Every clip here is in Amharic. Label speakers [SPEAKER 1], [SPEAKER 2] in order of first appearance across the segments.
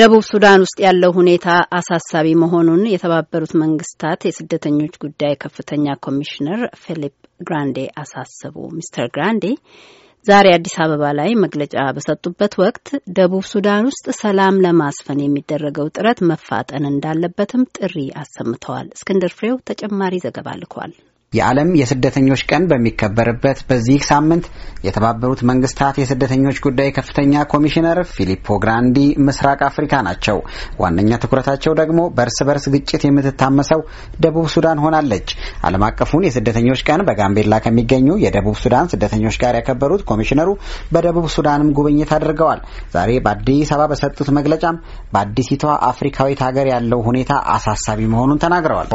[SPEAKER 1] ደቡብ ሱዳን ውስጥ ያለው ሁኔታ አሳሳቢ መሆኑን የተባበሩት መንግስታት የስደተኞች ጉዳይ ከፍተኛ ኮሚሽነር ፊሊፕ ግራንዴ አሳሰቡ። ሚስተር ግራንዴ ዛሬ አዲስ አበባ ላይ መግለጫ በሰጡበት ወቅት ደቡብ ሱዳን ውስጥ ሰላም ለማስፈን የሚደረገው ጥረት መፋጠን እንዳለበትም ጥሪ አሰምተዋል። እስክንድር ፍሬው ተጨማሪ ዘገባ ልኳል።
[SPEAKER 2] የዓለም የስደተኞች ቀን በሚከበርበት በዚህ ሳምንት የተባበሩት መንግስታት የስደተኞች ጉዳይ ከፍተኛ ኮሚሽነር ፊሊፖ ግራንዲ ምስራቅ አፍሪካ ናቸው። ዋነኛ ትኩረታቸው ደግሞ በእርስ በርስ ግጭት የምትታመሰው ደቡብ ሱዳን ሆናለች። ዓለም አቀፉን የስደተኞች ቀን በጋምቤላ ከሚገኙ የደቡብ ሱዳን ስደተኞች ጋር ያከበሩት ኮሚሽነሩ በደቡብ ሱዳንም ጉብኝት አድርገዋል። ዛሬ በአዲስ አበባ በሰጡት መግለጫም በአዲሲቷ አፍሪካዊት ሀገር ያለው ሁኔታ አሳሳቢ መሆኑን ተናግረዋል።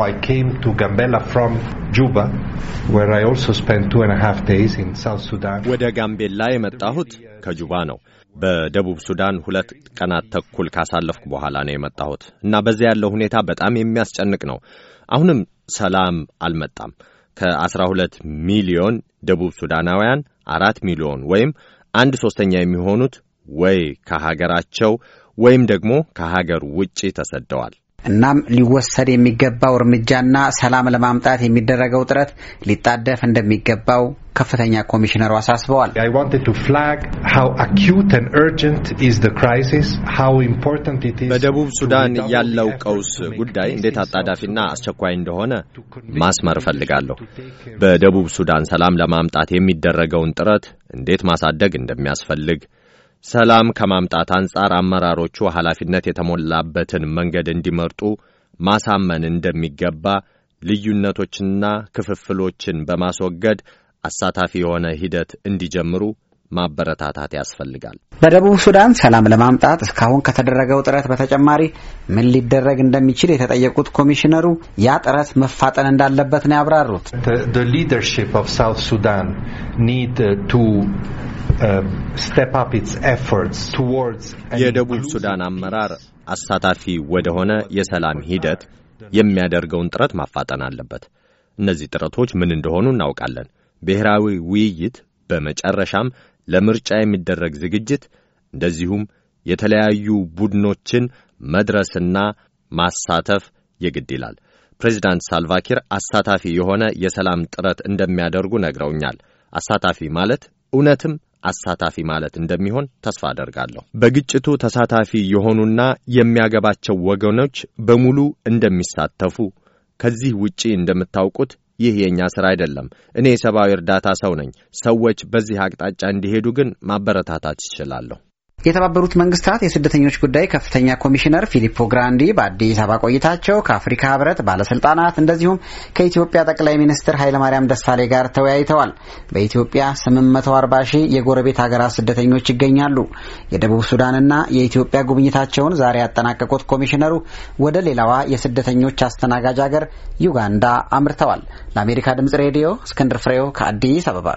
[SPEAKER 3] ወደ ጋምቤላ የመጣሁት ከጁባ ነው። በደቡብ ሱዳን ሁለት ቀናት ተኩል ካሳለፍኩ በኋላ ነው የመጣሁት እና በዚያ ያለው ሁኔታ በጣም የሚያስጨንቅ ነው። አሁንም ሰላም አልመጣም። ከ ከ12 ሚሊዮን ደቡብ ሱዳናውያን አራት ሚሊዮን ወይም አንድ ሦስተኛ የሚሆኑት ወይ ከሀገራቸው ወይም ደግሞ ከሀገር ውጪ ተሰደዋል።
[SPEAKER 2] እናም ሊወሰድ የሚገባው እርምጃና ሰላም ለማምጣት የሚደረገው ጥረት ሊጣደፍ እንደሚገባው ከፍተኛ ኮሚሽነሩ
[SPEAKER 3] አሳስበዋል። በደቡብ ሱዳን ያለው ቀውስ ጉዳይ እንዴት አጣዳፊና አስቸኳይ እንደሆነ ማስመር እፈልጋለሁ። በደቡብ ሱዳን ሰላም ለማምጣት የሚደረገውን ጥረት እንዴት ማሳደግ እንደሚያስፈልግ ሰላም ከማምጣት አንጻር አመራሮቹ ኃላፊነት የተሞላበትን መንገድ እንዲመርጡ ማሳመን እንደሚገባ ልዩነቶችና ክፍፍሎችን በማስወገድ አሳታፊ የሆነ ሂደት እንዲጀምሩ ማበረታታት ያስፈልጋል።
[SPEAKER 2] በደቡብ ሱዳን ሰላም ለማምጣት እስካሁን ከተደረገው ጥረት በተጨማሪ ምን ሊደረግ እንደሚችል የተጠየቁት ኮሚሽነሩ ያ ጥረት መፋጠን እንዳለበት ነው ያብራሩት።
[SPEAKER 3] Um, የደቡብ ሱዳን አመራር አሳታፊ ወደሆነ የሰላም ሂደት የሚያደርገውን ጥረት ማፋጠን አለበት። እነዚህ ጥረቶች ምን እንደሆኑ እናውቃለን። ብሔራዊ ውይይት፣ በመጨረሻም ለምርጫ የሚደረግ ዝግጅት፣ እንደዚሁም የተለያዩ ቡድኖችን መድረስና ማሳተፍ የግድ ይላል። ፕሬዚዳንት ሳልቫኪር አሳታፊ የሆነ የሰላም ጥረት እንደሚያደርጉ ነግረውኛል። አሳታፊ ማለት እውነትም አሳታፊ ማለት እንደሚሆን ተስፋ አደርጋለሁ። በግጭቱ ተሳታፊ የሆኑና የሚያገባቸው ወገኖች በሙሉ እንደሚሳተፉ ከዚህ ውጪ እንደምታውቁት ይህ የእኛ ሥራ አይደለም። እኔ የሰብአዊ እርዳታ ሰው ነኝ። ሰዎች በዚህ አቅጣጫ እንዲሄዱ ግን ማበረታታት ይችላለሁ።
[SPEAKER 2] የተባበሩት መንግስታት የስደተኞች ጉዳይ ከፍተኛ ኮሚሽነር ፊሊፖ ግራንዲ በአዲስ አበባ ቆይታቸው ከአፍሪካ ህብረት ባለስልጣናት እንደዚሁም ከኢትዮጵያ ጠቅላይ ሚኒስትር ኃይለማርያም ደሳሌ ጋር ተወያይተዋል። በኢትዮጵያ 840 ሺህ የጎረቤት ሀገራት ስደተኞች ይገኛሉ። የደቡብ ሱዳንና የኢትዮጵያ ጉብኝታቸውን ዛሬ ያጠናቀቁት ኮሚሽነሩ ወደ ሌላዋ የስደተኞች አስተናጋጅ ሀገር ዩጋንዳ አምርተዋል። ለአሜሪካ ድምጽ ሬዲዮ እስክንድር ፍሬው ከአዲስ አበባ